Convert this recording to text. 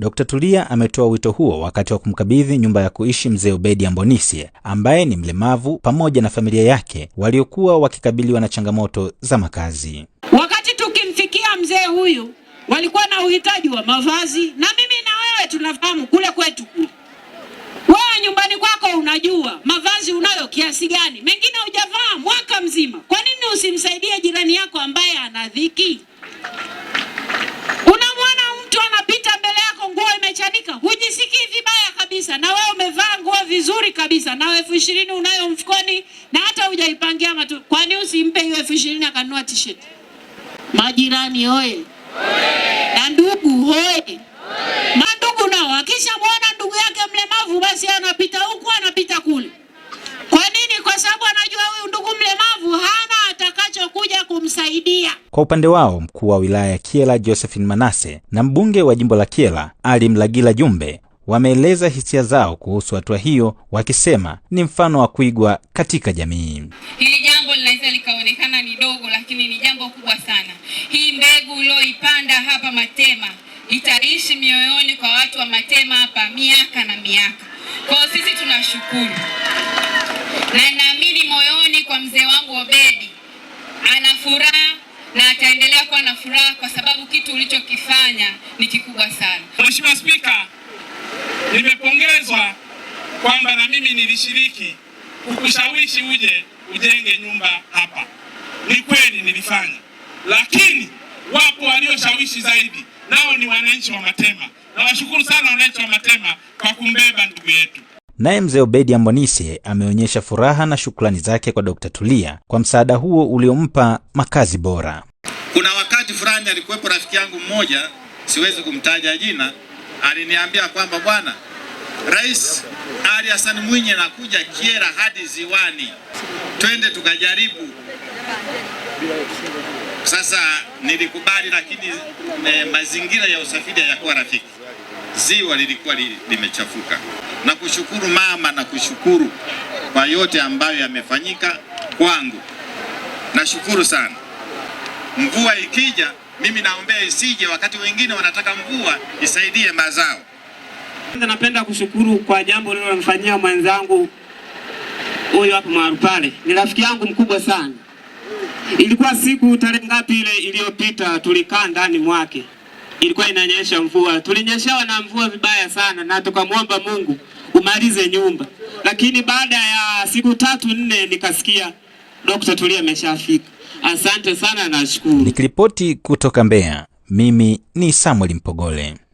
Dkt. Tulia ametoa wito huo wakati wa kumkabidhi nyumba ya kuishi mzee Obedi Ambonisye ambaye ni mlemavu pamoja na familia yake waliokuwa wakikabiliwa na changamoto za makazi. Wakati tukimfikia mzee huyu, walikuwa na uhitaji wa mavazi, na mimi na wewe tunafahamu kule kwetu, wewe nyumbani kwako unajua mavazi unayo kiasi gani, mengine hujavaa mwaka mzima. Kwa nini usimsaidie jirani yako ambaye ana dhiki? kabisa, na wewe umevaa nguo vizuri kabisa, na elfu ishirini unayo mfukoni, na hata hujaipangia matu. Kwani usimpe hiyo elfu ishirini akanunua t-shirt? Majirani oye! na ndugu hoye, mandugu nao akishamwona ndugu yake mlemavu, basi anapita huku anapita kule. Kwa nini? Kwa sababu anajua huyu ndugu mlemavu hana atakachokuja kumsaidia. Kwa upande wao, mkuu wa wilaya ya kiela Josephine Manase na mbunge wa jimbo la kiela Ali Mlagila Jumbe wameeleza hisia zao kuhusu hatua hiyo, wakisema ni mfano wa kuigwa katika jamii. Hili jambo linaweza likaonekana ni dogo, lakini ni jambo kubwa sana. Hii mbegu ulioipanda hapa Matema itaishi mioyoni kwa watu wa Matema hapa miaka na miaka. Kwao sisi tunashukuru, na naamini moyoni kwa mzee wangu Obedi ana furaha na ataendelea kuwa na furaha kwa sababu kitu ulichokifanya ni kikubwa sana, Mheshimiwa Spika. Nimepongezwa kwamba na mimi nilishiriki kukushawishi uje ujenge nyumba hapa. Ni kweli nilifanya, lakini wapo walioshawishi zaidi, nao ni wananchi wa Matema. Nawashukuru sana wananchi wa Matema kwa kumbeba ndugu yetu. Naye mzee Obedi Ambonise ameonyesha furaha na shukrani zake kwa Dr. Tulia kwa msaada huo uliompa makazi bora. Kuna wakati fulani alikuwepo rafiki yangu mmoja, siwezi kumtaja jina, aliniambia kwamba bwana Rais Ali Hassan Mwinyi anakuja kiera hadi ziwani, twende tukajaribu. Sasa nilikubali, lakini eh, mazingira ya usafiri hayakuwa rafiki, ziwa lilikuwa li, limechafuka. Na kushukuru mama, na kushukuru kwa yote ambayo yamefanyika kwangu, nashukuru sana. Mvua ikija, mimi naombea isije, wakati wengine wanataka mvua isaidie mazao. Napenda kushukuru kwa jambo lililomfanyia mwenzangu huyu hapa mahali pale, ni rafiki yangu mkubwa sana. Ilikuwa siku tarehe ngapi ile iliyopita, tulikaa ndani mwake, ilikuwa inanyesha mvua, tulinyeshewa na mvua vibaya sana, na tukamwomba Mungu umalize nyumba, lakini baada ya siku tatu nne nikasikia Dr. Tulia ameshafika. Asante sana, nashukuru. Nikiripoti kutoka Mbeya, mimi ni Samuel Mpogole.